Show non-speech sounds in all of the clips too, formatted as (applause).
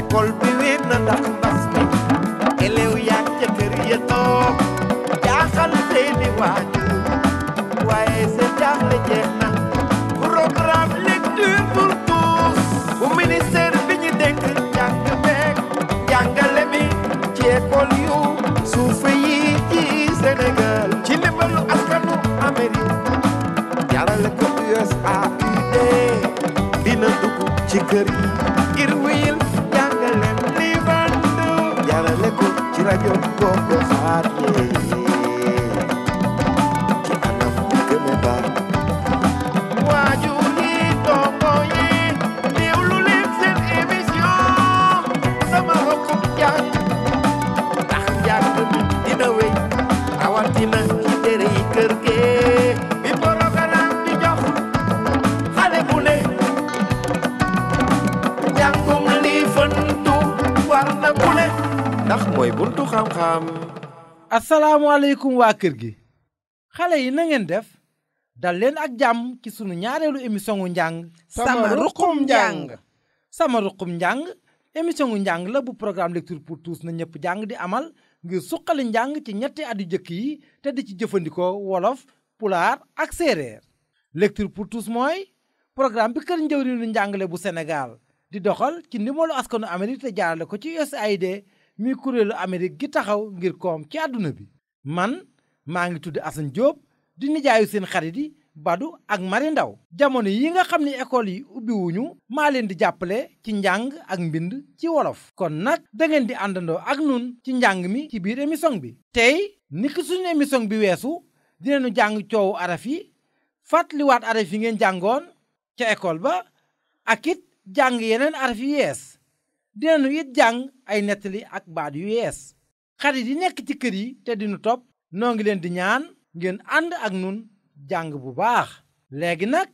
école bi wéet na ndax mbas mi yaa ca kër ya toog jaaxal seeni waajur waaye seen jaaxle jeex na programme lecture pour bu ministère bi ñu dénk jàng beeg jàngale mi ci école yu suufe yi ci Sénégal ci ndimbalu askanu Amérique jarale ko USAID dina dugg ci kër yi ngir yo, yo, yo, asalaamualeykum waa kër gi xale yi na ngeen def dal leen ak jàmm ci sunu ñaareelu émission gu njàng sama ruqum njàng sama ruqum njàng émission gu njàng la bu programme lecture pour tous na ñëpp jàng di amal ngir suqali njàng ci ñetti at yu jëkk yi te di ci jëfandikoo wolof pulaar ak séeréer lecture pour tous mooy programme bi kër njëwriñu njàngale bu Sénégal di doxal ci ndimbalu askanu Amérique te jaarale ko ci USAID mi kuréelu Amérique gi taxaw ngir koom ci àdduna bi man maa ngi tudd Assane Diop di nijaayu seen xarit yi Badou ak Mari Ndaw jamono yi nga xam ne école yi ubbiwuñu maa leen di jàppale ci njàng ak mbind ci wolof kon nag dangeen di àndandoo ak nun ci njàng mi ci biir émission bi tey niki suñu émission bi weesu dinañu jàng coowu araf yi fàttaliwaat araf yi ngeen jàngoon ca école ba ak it jàng yeneen araf yi yees dinañu it jàng ay nettali ak baat yu yees xarit yi nekk ci kër yi te dinu topp noo ngi leen di ñaan ngeen ànd ak nun jàng bu baax léegi nag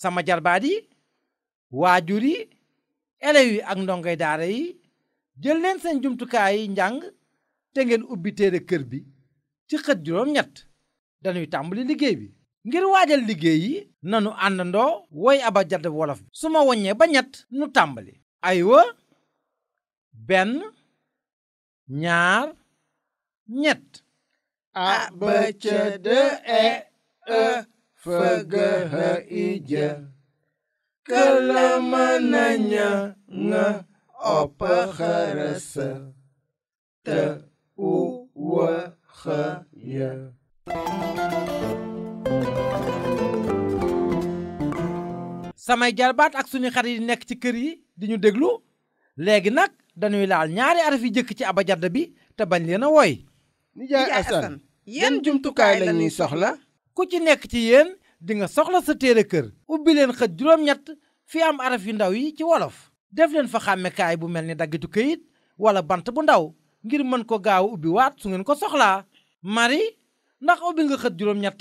sama jarbaat yi waajur yi elew yi ak ndongoy daara yi jël leen seen jumtukaay yi njàng te ngeen ubbi téere kër bi ci xët juróom ñett dañuy tàmbali liggéey bi ngir waajal liggéey yi nanu àndandoo woy aba jadd wolof bi su ma woññee ba ñett nu tàmbali aywa benn ñaar ñett a b c d e e f g h i j k l m n ñ ŋ o samay jarbaat ak suñu xarit yi nekk ci kër yi di ñu déglu léegi nag dañuy laal ñaari araf yi jëkk ci abajada bi te bañ leen a woy nijaay asan yan jumtukaay la ñuy soxla ku ci nekk ci yéen di soxla sa téere kër ubbi leen xët juróom-ñett fi am araf yu ndaw yi ci wolof def leen fa xàmmeekaay bu mel ni daggitu këyit wala bant bu ndaw ngir mën ko gaaw ubbi waat su ngeen ko soxlaa mari ndax ubbi nga xët juróom-ñett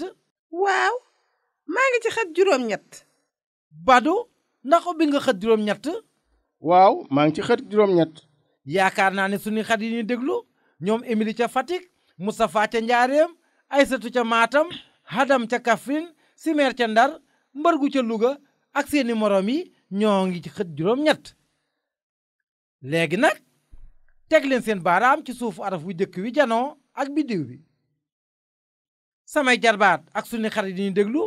waaw maa ngi ci xët juróom-ñett Badu ndax nga xët juróom-ñett waaw maa ngi ci xët juróom-ñett. yaakaar naa ne suñu xat yi ñuy déglu ñoom Émilie ca Fatick Moustapha ca Njaareem Aysatu ca maatam Hadam ca Kaffrine Simeer ca Ndar Mbargu ca Louga ak seeni morom yi ñoo ngi ci xët juróom-ñett léegi nag teg leen seen baaraam ci suufu araf wi jëkk wi janoo ak biddiw bi samay jarbaat ak suñu xarit yi ñuy déglu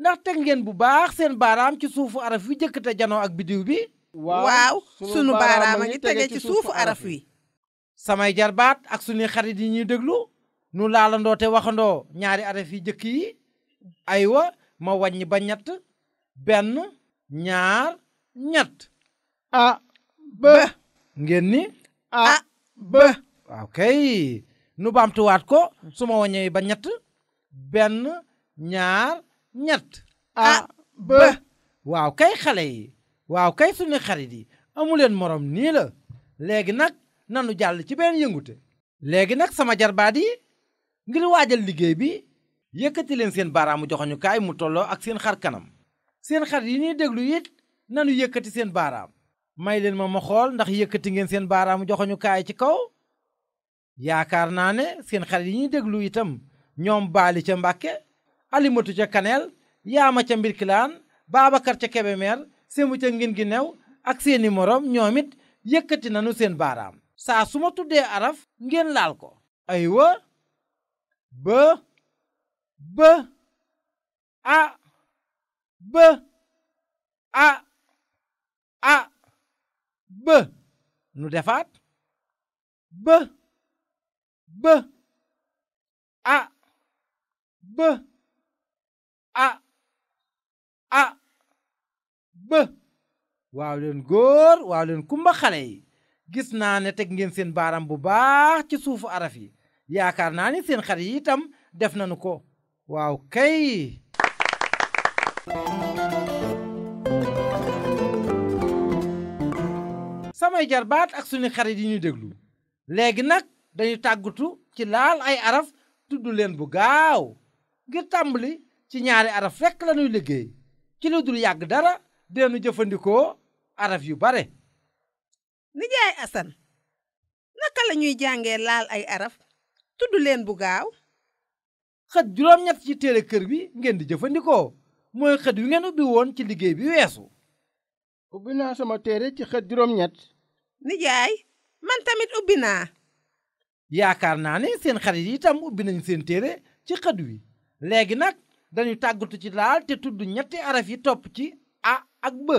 ndax teg ngeen bu baax seen baaraam ci suufu araf wi jëkk te janoo ak biddiw bi waaw sunu baaraam a ngi tege ci suufu araf wi samay jarbaat ak sunuy xarit yi ñuy déglu nu laalandoo te waxandoo ñaari araf yi jëkk yi aywa ma wàññi ba ñett benn ñaar ñett a ba ngeen ni a ba waaw kay nu baamtuwaat ko su ma wàññee ba ñett benn ñaar ñett a ba waaw kay xale yi waaw kay suñu xarit yi amuleen moroom nii la léegi nag nanu jàll ci benn yëngute léegi nag sama jarbaat yi ngir waajal liggéey bi yëkkati leen seen baaraamu joxoñukaay mu tolloo ak seen xar kanam seen xarit yi ñuy déglu it nanu yëkkati seen baaraam may leen ma ma xool ndax yëkkati ngeen seen baaraamu joxoñukaay ci kaw yaakaar naa ne seen xarit yi ñuy déglu itam ñoom baali ca mbàkke alimatu ca kaneel yaama ca mbirkilaan baabakar ca kebemeer semu ca ngin gi new ak seeni moroom ñoom it yëkkati nanu seen baaraam saa su ma tuddee araf ngeen laal ko aywa ba ba a ba a a defaat a ba waaw leen góor waaw leen kumba xale yi gis naa ne teg ngeen seen baaram bu baax ci suufu araf yi yaakaar naa ni seen xar yi itam def nañu ko waaw kay samay jarbaat ak suñu xarit yi ñu déglu léegi nag dañuy tàggatu ci laal ay araf tudd leen bu gaaw ngir tàmbali ci ñaari araf rekk lañuy liggéey ci lu dul yàgg dara deenu jëfandikoo araf yu bare nijaay asan naka la ñuy jàngee laal ay araf tudd leen bu gaaw xët juróom-ñett ci téere kër bi ngeen di jëfandikoo mooy xët yu ngeen ubbi woon ci liggéey bi weesu ubbi naa sama téere ci xët juróom-ñett nijaay man tamit ubbi naa yaakaar naa ni seen xarit yi itam ubbi nañ seen téere ci xët wi léegi nag dañu tàggatu ci laal te tudd ñetti araf yi topp ci a ak ba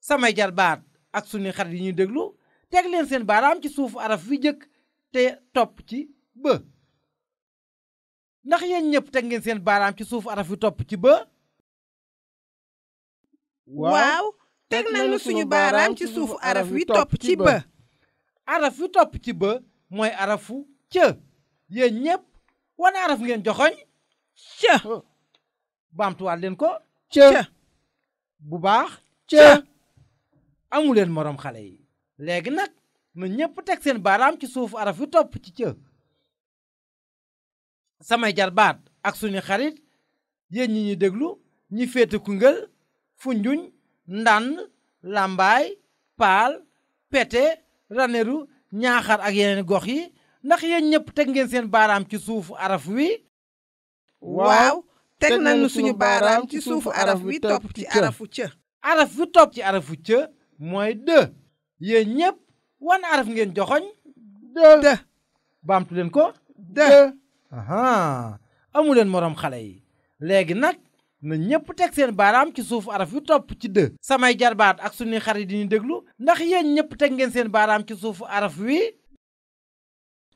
samay jarbaat ak suñu xarit yi ñuy déglu teg leen seen baaraam ci suufu araf wi jëkk te topp ci ba ndax yen ñëpp teg ngeen seen baaraam ci suufu araf wi topp ci ba waaw teg suñu baaraam ci suufu araf wi topp ci ba topp ci ba mooy arafu ca yéen ñëpp wan araf ngeen joxoñ ca oh. baamtuwaat leen ko ca bu baax ca amuleen moroom xale yi léegi nag na ñépp teg seen baaraam ci suufu araf yu topp ci ca samay jarbaat ak suñu xarit yéen ñi ñu déglu ñi féete Koungheul Foundiougne Ndande làmbaay Paal pete Ranérou Ñaaxar ak yeneen gox yi ndax yéen ñépp teg ngeen seen baaraam ci suufu araf wi waaw teg nañu suñu baaraam ci suufu araf bi topp ci arafu cë araf bi topp ci arafu cë mooy dë yéen ñépp wan araf ngeen joxoñ dë dë baamtu leen ko dë aha amu leen moroom xale yi léegi nag na ñépp teg seen baaraam ci suufu araf yu topp ci dë samay jarbaat ak suñuy xarit yi ñu déglu ndax yéen ñépp teg ngeen seen baaraam ci suufu araf wi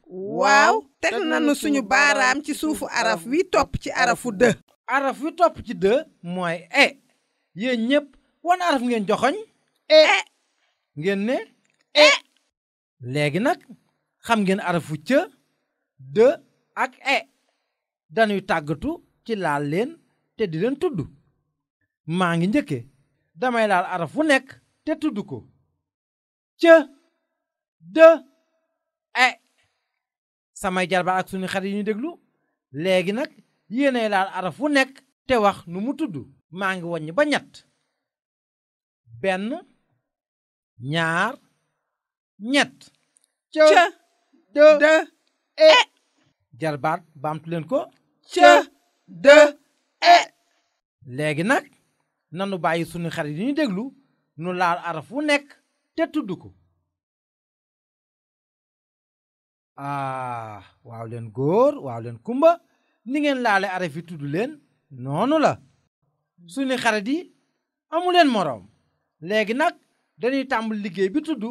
waaw teg nañu suñu baaraam ci suufu araf wi topp ci arafu dë araf wi topp ci dë mooy e yéen ñëpp wan araf ngeen joxoñ e. e ngeen ne e léegi nag xam ngeen arafu cë dë ak e dañuy tàggatu ci laal leen te di leen tudd maa ngi njëkke damay laal araf wu nekk te tudd ko cë dë e samay jarba ak suñu xarit yi ñu déglu léegi nag yéenay laal araf wu nekk te wax nu mu tudd maa ngi wàññi ba ñett benn ñaar ñett c de de e. e jarbaat baamtu leen ko c de e. e léegi nag nanu bàyyi sunu xarit yi ñu déglu nu laal araf wu nekk te tudd ko ah waaw leen góor waaw leen kumba ni ngeen laale araf yi tudd leen noonu la suñu xarit yi amu leen moroom léegi nag dañuy tàmbali liggéey bi tudd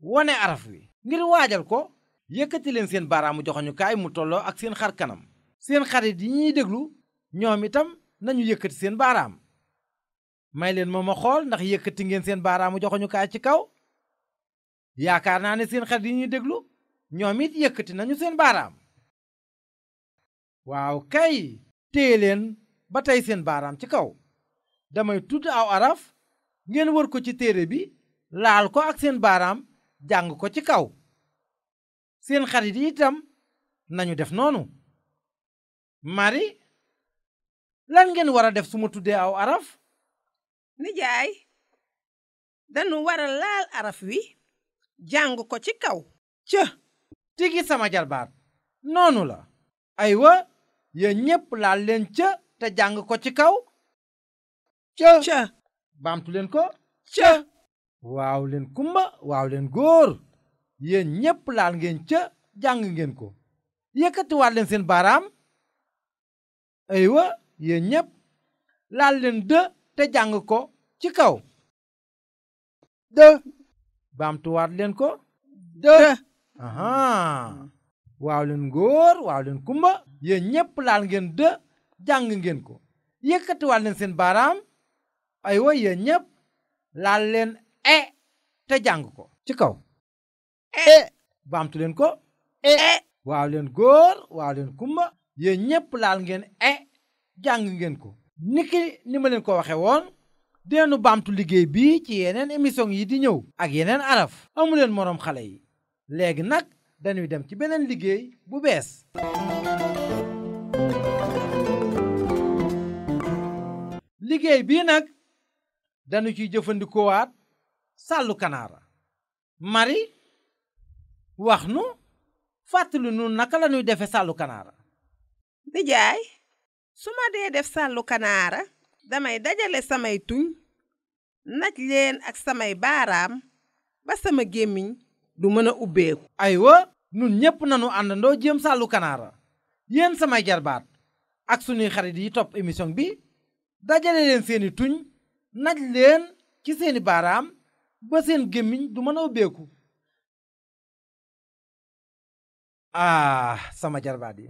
wane araf wi ngir waajal ko yëkkati leen seen baaraamu joxoñukaay mu tolloo ak seen xar kanam seen xarit yi ñuy déglu ñoom itam nañu yëkkati seen baaraam may leen ma ma xool ndax yëkkati ngeen seen baaraamu joxoñukaay ci kaw yaakaar naa ne seen xarit yi ñuy déglu ñoom it yëkkati nañu seen baaraam waaw kay téye leen ba tey seen baaraam ci kaw damay tudd aw araf ngeen wër ko ci téere bi laal ko ak seen baaraam jàng ko ci kaw seen xarit yi itam nañu def noonu mari lan ngeen war a def su ma tuddee aw araf nijaay dañu war a laal araf wi jàng ko ci kaw cë tigi sama jarbaat noonu la aywa yéen ñépp laal leen ca te jàng ko ci kaw ca ca baamtu leen ko ca waaw leen kumba waaw leen góor yéen ñépp laal ngeen ca jàng ngeen ko yëkkatiwaat leen seen baaraam aywa yéen ñépp laal leen dë te jàng ko ci kaw dë baamtuwaat leen ko dë aha waaw leen ngóor waaw leen kumba yéen ñépp laal ngeen dë jàng ngeen ko yëkkatiwaat leen seen baaraam ay wa yéen ñépp laal leen e te jàng ko ci kaw e baamtu leen ko e waaw leen góor waaw kumba yéen ñépp laal ngeen e jàng ngeen ko niki ni ma leen ko waxe woon deenu baamtu liggéey bi ci yeneen émission yi di ñëw ak yeneen araf amuleen moroom xale yi léegi nag dañuy dem ci beneen liggéey bu bees liggéey bii nag dañu ciy jëfandikoowaat sàllu kanaara mari wax nu fàttali nu naka la defe sàllu kanaara nijaay su ma dee def sàllu kanaara damay dajale samay tuñ naj leen ak samay baaraam ba sama gémmiñ du mën a ubbeeku aywa nun ñépp nanu àndandoo jéem sàllu kanaara yéen samay jarbaat ak sunuy xarit yi topp émission bi dajale leen seeni tuñ naj leen ci seeni baaraam ba seen gémmiñ du mën a ubbeeku ah sama jarbaat yi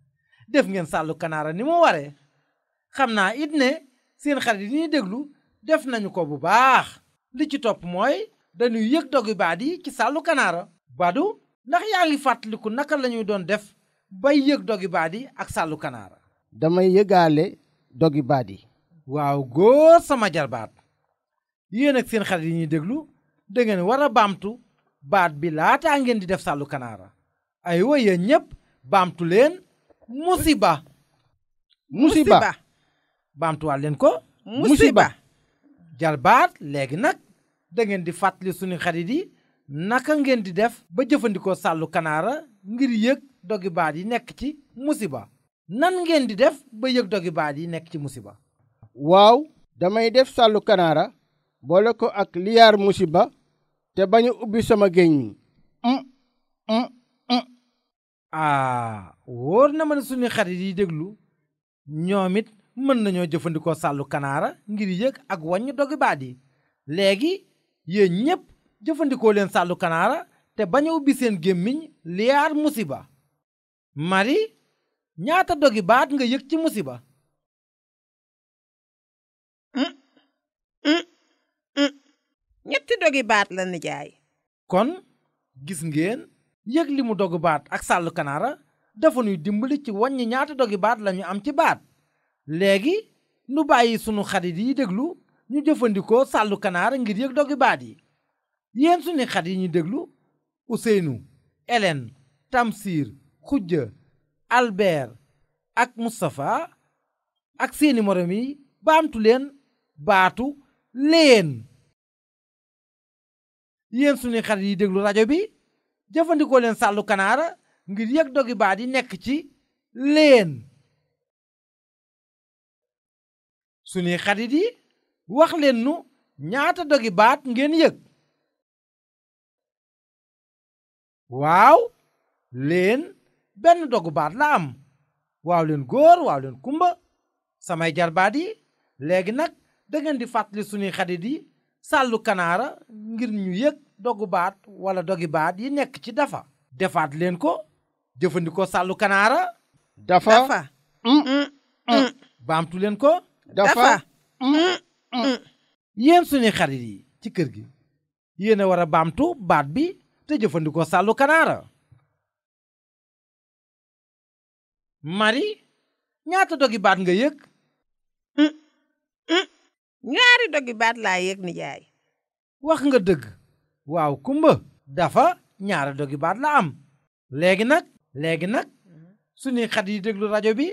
(laughs) def ngeen sàllu kanaara ni mu waree xam naa it ne seen xarit yi ñuy déglu def nañu ko bu baax li ci topp mooy dañuy yëg dogi baat yi ci sàllu kanaara badu ndax yaa ngi fàttaliku naka lañuy doon def bay yëg dogi baat yi ak sàllu kanaara damay yëgaale dogi baat yi waaw góor sama jarbaat yéen ak seen xarit yi ñuy déglu dangeen war baamtu baat bi laataa ngeen di def sallu kanaara ay wa yéen ñépp baamtu leen musiba musiba baamtuwaat leen ko musiba jarbaat léegi nag dangeen ngeen di fàttali suñu xarit yi naka ngeen di def ba jëfandikoo sàllu kanaara ngir yëg dogi baat yi nekk ci musiba nan ngeen di def ba yëg dogi baat yi nekk ci musiba waaw damay def sàllu kanaara boole ko ak liyaar musiba te ba a ubbi sama géñ mi mm, mm, mm. wóor na ma ne suñu xarit yi déglu ñoom it mën nañoo jëfandikoo sàllu kanaara ngir yëg ak waññ dogi yi léegi yéen ñépp jëfandikoo leen sàllu kanaara te bañ a ubbi seen gémmiñ liyaar musiba mari ñaata dogi baat nga yëg ci musiba ñetti dogi baat la nijaay kon gis ngeen yëg li mu dogu baat ak sàllu kanaara dafa nuy dimbali ci wàññi ñaata dogi baat lañu am ci baat léegi nu bàyyi sunu xarit yi déglu ñu jëfandikoo sàllu kanaar ngir yëg doggi baat yi yéen suñu xat yi ñu déglu Ousseynou Hélène Tamsir Khoudia Albert ak Moustapha ak seeni morom yi baamtu baatu leen yéen suñu xat yi déglu rajo bi jëfandikoo leen sàllu kanaara ngir yëg doggi baat yi nekk ci leen suñuy wax leen nu ñaata dogi baat ngeen yëg waaw leen benn dogu baat la am waaw leen góor waaw leen kumba samay jarbaat yi léegi nag dangeen di fàttali sunuy xarit yi sàllu kanaara ngir ñu yëg dogu baat wala dogi baat yi nekk ci dafa defaat leen ko jëfandikoo sàllu kanaara dafa mm. Mm. Mm. baamtu ko dafa Mm. Eh, yéen suñuy xarit yi ci kër gi yéen a war a baamtu baat bi te sàllu kanaara mari ñaata dogi baat nga yëg mm, mm. ñaari dogi baat laa yëg nijaay wax nga dëgg waaw kumba dafa ñaari dogi baat la am léegi nag léegi nag suñuy xarit yi déglu rajo bi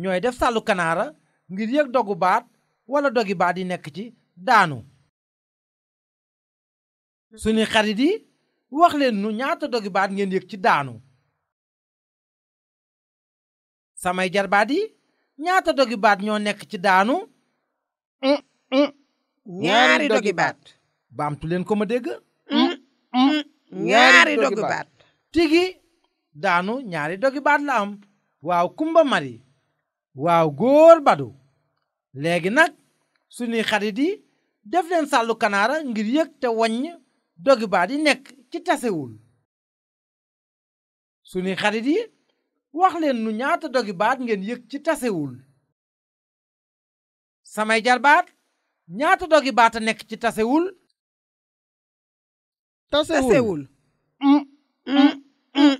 ñooy def sallu kanaara ngir yëg dogu baat wala dogi baat yi nekk ci daanu suñu xarit yi wax leen nu ñaata dogi baat ngeen yëg ci daanu samay jarbaat yi ñaata dogi baat ñoo nekk ci daanu ñaari dogi leen ko ma dégg ñaari dogi baat ñaari dogi baat la am waaw kumba mari waaw góor badu léegi nag suñuy xarit yi def leen sàllu kanaara ngir yëg te waññ dogi baat yi nekk ci tasewul suñuy xarit yi wax leen nu ñaata dogi baat ngeen yëg ci tasewul samay jarbaat ñaata dogi baat a nekk ci tasewul tasewul mm, mm, mm,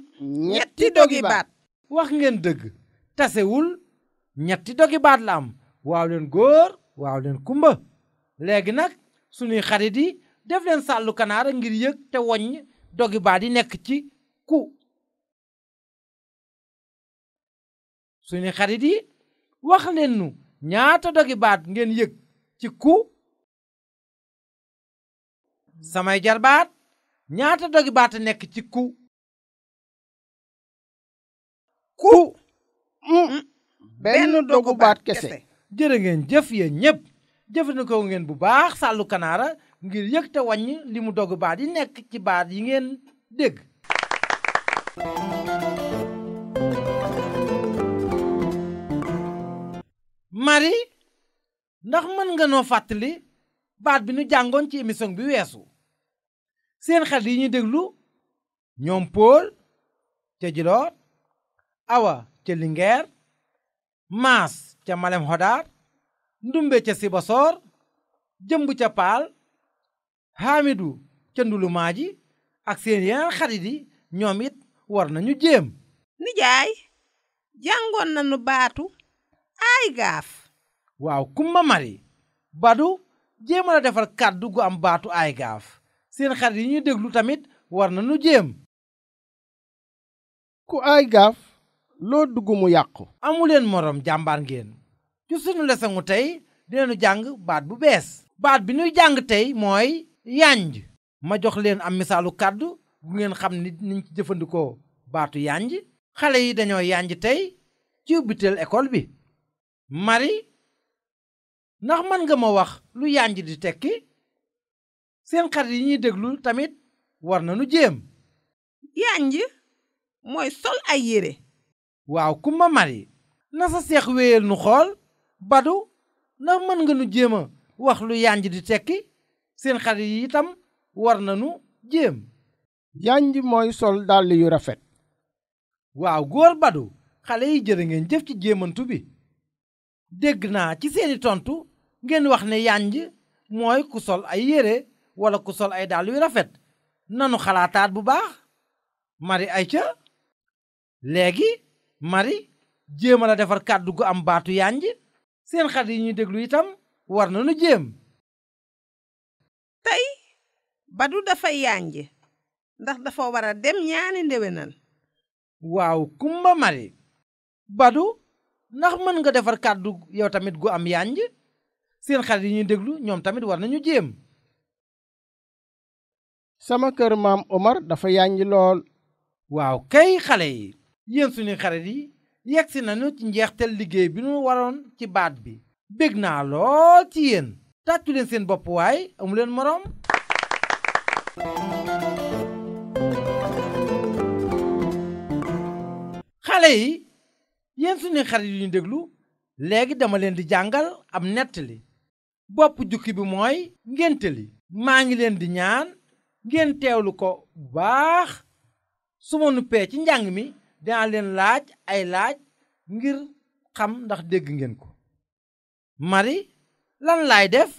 ñetti dogi wax ngeen dëgg tasewul ñetti dogi baat la am waaw leen góor waaw leen kumba léegi nag suñuy xarit yi def leen sàllu kanaara ngir yëg te woññ dogi baa di nekk ci ku suñu xarit yi wax leen nu ñaata dogi baat ngeen yëg ci ku samay jarbaat ñaata dogi nekk ci ku ku benn dogu kese jërë ngeen jëf yéen ñëpp jëfandikoo ngeen bu baax sàllu kanaara ngir yëg te wàññ li mu dogg baat yi nekk ci baat yi ngeen dégg. Marie ndax mën nga noo fàttali baat bi nu jàngoon ci émission bi weesu seen xel yi ñu déglu ñoom Paul ca Djilor Awa ca Linguère maas ca malem hodaar ndumbe ca sibasoor jëmb ca paal haamidu ca ndulumaaji ak seen yeneen xarit yi ñoom it war nañu jéem nijaay jàngoon nañu baatu ay gaaf waaw kumba mari badu jéemal a defar kàddu gu am baatu ay gaaf seen xarit yi ñuy déglu tamit war nañu jéem loo dugg mu yàqu amuleen moroom jàmbaar ngeen ci sunu lesangu tey dinañu jàng baat bu bees baat bi nuy jàng tey mooy yanj ma jox leen am misaalu kàddu bu ngeen xam ni niñ jëfandikoo baatu yanj xale yi dañoo yanj tey ci ubbiteel école bi mari ndax mën nga ma wax lu yanj di tekki seen xarit yi ñuy déglu tamit war nañu jéem yanj mooy sol ay yére waaw ku ma mari na sa seex wéyal nu xool badu ndax mën nga nu jéem wax lu yanj di tekki seen xarit yi itam war nanu jéem yanj mooy sol dàll yu rafet waaw góor badu xale yi jërë ngeen jëf ci jéemantu bi dégg naa ci seeni tontu ngeen wax ne yanj mooy ku sol ay yére wala ku sol ay dàll yu rafet nanu xalaataat bu baax mari ay ca léegi mari jéemal a defar kàddu gu am baatu yanj seen xarit yi ñuy déglu itam war na nu jéem tey badu dafa yanj ndax dafa war a dem ñaani ndewenal waaw kumba mari badu ndax mën nga defar kàddu yow tamit gu am yanj seen xarit yi ñuy déglu ñoom tamit war nañu jéem sama kër maam dafa yanj lool yéen suñu xarit yi yegsi nañu ci njeextel liggéey bi nu waroon ci baat bi bég naa lool ci yéen tàccu leen seen boppuwaay waay leen moroom xale yi yéen suñu xarit yu ñu déglu léegi dama leen di jàngal am nettali boppu jukki bi mooy li maa ngi leen di ñaan ngeen teewlu ko bu baax suma nuppee ci njàng mi dinaa leen laaj ay laaj ngir xam ndax dégg ngeen ko mari lan laay def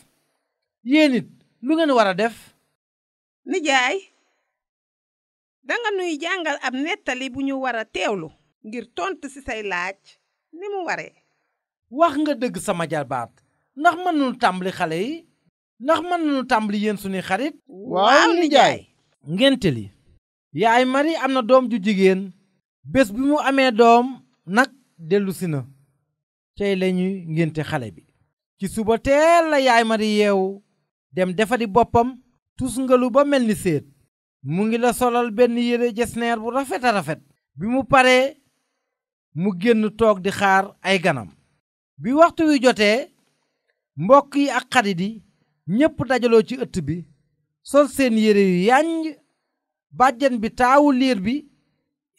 yéen it lu ngeen war a def nijaay danga nuy jàngal ab nettali bu ñu war a teewlu ngir tontu ci say laaj ni mu waree wax nga dëgg sama jarbaat ndax mën nañu tàmbali xale yi ndax mën nañu tàmbali yéen suñuy xarit waaw nijaay ngénte li yaay mari am na doom ju jigéen bés bi mu amee doom nag dellusi na tey lañuy ngénte xale bi ci suba teel la yaay mari yeewu dem defari boppam tusngalu ba mel ni séet mu ngi la solal benn yére jesneer bu rafet a rafet bi mu paree mu génn toog di xaar ay ganam bi waxtu wi jotee mbokk yi ak xarit yi ñépp dajaloo ci ëtt bi sol seen yére yu yànj bàjjen bi taawu liir bi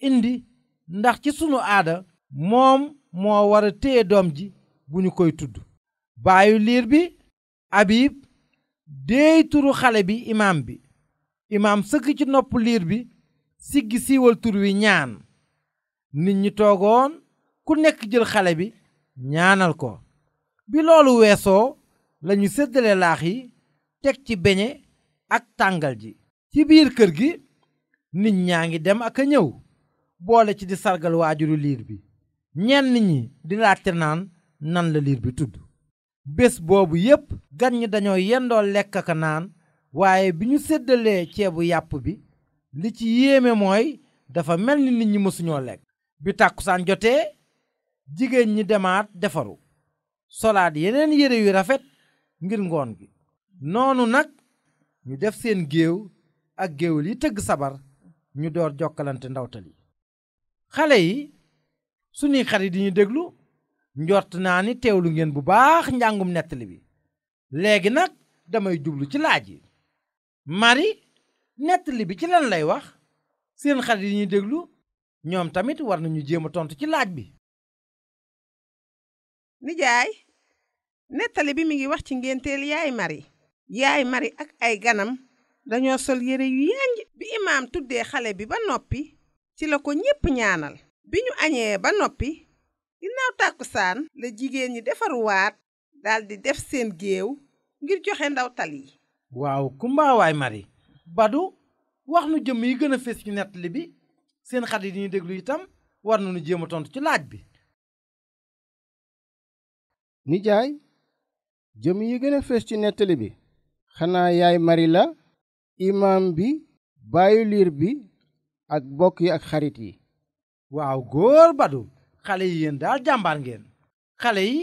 indi ndax ci sunu aada moom moo war a téye doom ji bu ñu koy tudd baayu liir bi abib déey turu xale bi imaam bi imaam sëgg ci nopp liir bi siggi siiwal tur wi ñaan nit ñi toogoon ku nekk jël xale bi ñaanal ko bi loolu weesoo lañu séddale laax yi teg ci beñe ak tàngal ji ci biir kër gi nit ñaa ngi dem ak a ñëw boole ci di sargal waajuru liir bi ñenn ñi di laajte naan nan la liir bi tudd bés boobu yépp gan ñi dañoo yendoo lekk ka naan waaye bi ñu seddalee ceebu yàpp bi li ci yéeme mooy dafa mel ni nit ñi mësuñoo lekk bi tàkkusaan jotee jigéen ñi demaat defaru solaat yeneen yére yu rafet ngir ngoon gi noonu nag ñu def seen géew ak géewal yi tëgg sabar ñu door jokkalante ndawtal yi xale yi suñuy xarit yi ñu déglu njort naa ni teewlu ngeen bu baax njàngum nettali bi léegi nag damay jublu ci laaj yi mari nettali bi ci lan lay wax seen xarit yi ñu déglu ñoom tamit war nañu jéem a tontu ci laaj bi. nettali bi mi ngi wax ci ngénteel yaay Marie. yaay Marie ak ay ganam dañoo sol yére yu bi imaam tuddee xale bi ba noppi. ci la ko ñépp ñaanal bi ñu añee ba noppi ginnaaw tàkkusaan la jigéen ñi defaruwaat daldi def seen géew ngir joxe ndawtal yi waaw kumbaawaay mari badu wax nu jëmm yi gën a fees ci nettali bi seen xarit yi ñuy déglu itam war nañu jéem a tontu ci laaj bi nijaay jëmm yi gën a ci nettali bi xanaa la imaam bi baayu liir bi ak bokk yi ak xarit yi waaw góor badu xale yi yéen daal jàmbaar ngeen xale yi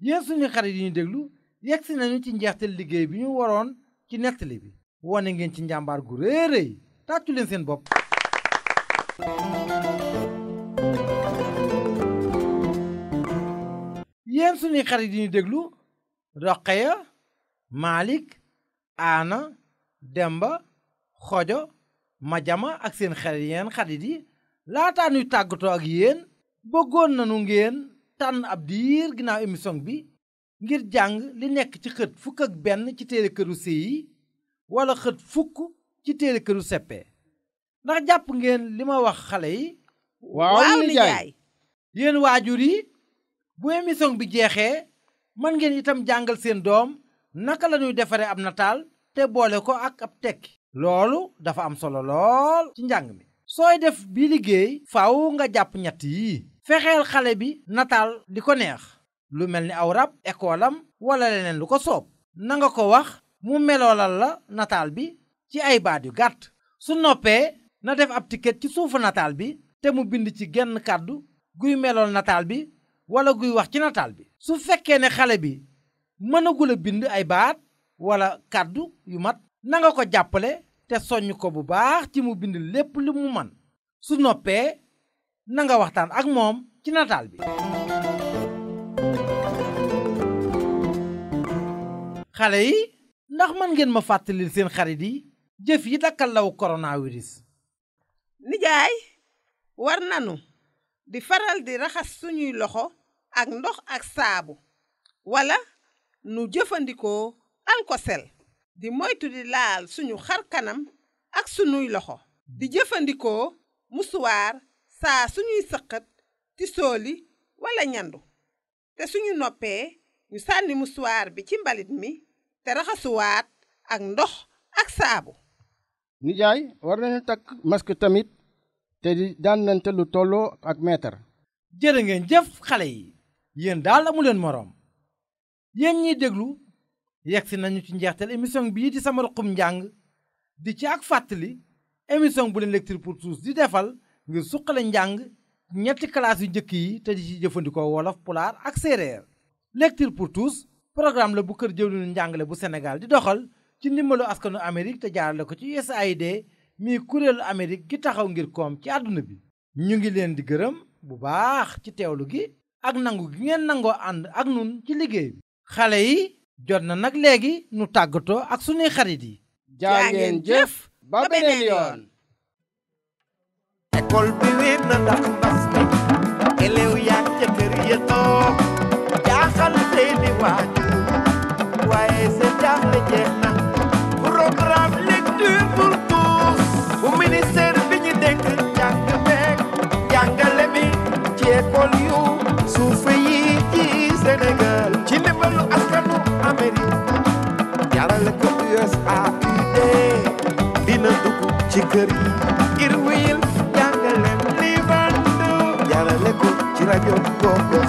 yéen suñu xarit yi ñu déglu yegsi nañu ci njeexteel liggéey bi ñu waroon ci nettali bi wone ngeen ci njàmbaar gu rëy rëy tàccu leen seen bopp yéen suñuy xarit yi ñu déglu Roqeya Malik Aana Demba Xojo ma jama ak seen xel yeen xarit yi laataa ñuy tàggatoo ak yéen bëggoon nanu ngeen tànn ab diir ginnaaw émission bi ngir jàng li nekk ci xët fukk ak benn ci téere këru séyi wala xët fukk ci téere këru seppe ndax jàpp ngeen li ma wax xale yi waaw li jaay yéen waajur yi bu émission bi jeexee mën ngeen itam jàngal seen doom naka lañuy defare ab nataal te boole ko ak ab tekki loolu dafa am solo lool ci njàng mi sooy def bi liggéey faw nga jàpp ñett yii fexeel xale bi nataal di ko neex lu mel ni aw rab ekoolam walla leneen lu ko soob nanga ko wax mu meloolal la nataal bi ci ay baat yu gàtt su noppee na def ab ticket ci suufu nataal bi te mu bind ci genn kàddu guy melool nataal bi wala guy wax ci nataal bi su fekkee ne xale bi mënagul a bind ay baat wala kàddu yu mat nanga ko jàppale te soññ ko bu baax ci mu bind lépp li mu man su noppee nanga waxtaan ak moom ci nataal bi xale yi ndax mën ngeen ma fàttalil seen xarit yi jëf yi dakkal law coronavirus nijaay war nanu di faral di raxas suñuy loxo ak ndox ak saabu wala nu jëfandikoo alkosel di moytu di laal suñu xar kanam ak suñuy loxo di jëfandikoo musuwaar saa suñuy sëqat ci sooli walla ñandu te suñu noppee ñu sànni musuwaar bi ci mbalit mi te raxasuwaat ak ndox ak saabu nijaay war nañu takk masque tamit te di daanante lu tolloo ak meetar jërë ngeen jëf xale yi yéen daal amuleen moroom yéen ñiy déglu yegsi nañu ci njeexteel émission bii di sama ruqum njàng di ci ak fàttali émission bu leen lecture pour tous di defal ngir suqale njàng ñetti classe yu njëkk yi te di ci jëfandikoo wolof pulaar ak séeréer lecture pour tous programme la bu kër jëwlinu njàngale bu Sénégal di doxal ci ndimbalu askanu Amérique te jaarale ko ci USAID mi kuréelu Amérique ki taxaw ngir koom ci àdduna bi ñu ngi leen di gërëm bu baax ci teewlu gi ak nangu gi ngeen nangoo ànd ak ci liggéey xale yi jot na nag léegi nu tàggatoo ak sunuy xarit yi jaa ngeen jëf ba beneen yoon école bi wéet na ndax mbas mi elew yaa ca kër ya jaaxal seeni waajur waaye seen jaaxle jeex na programme lecture pour kër gi ngir wéyal jàngaleem li bantu jaarale ko ci rajo boobu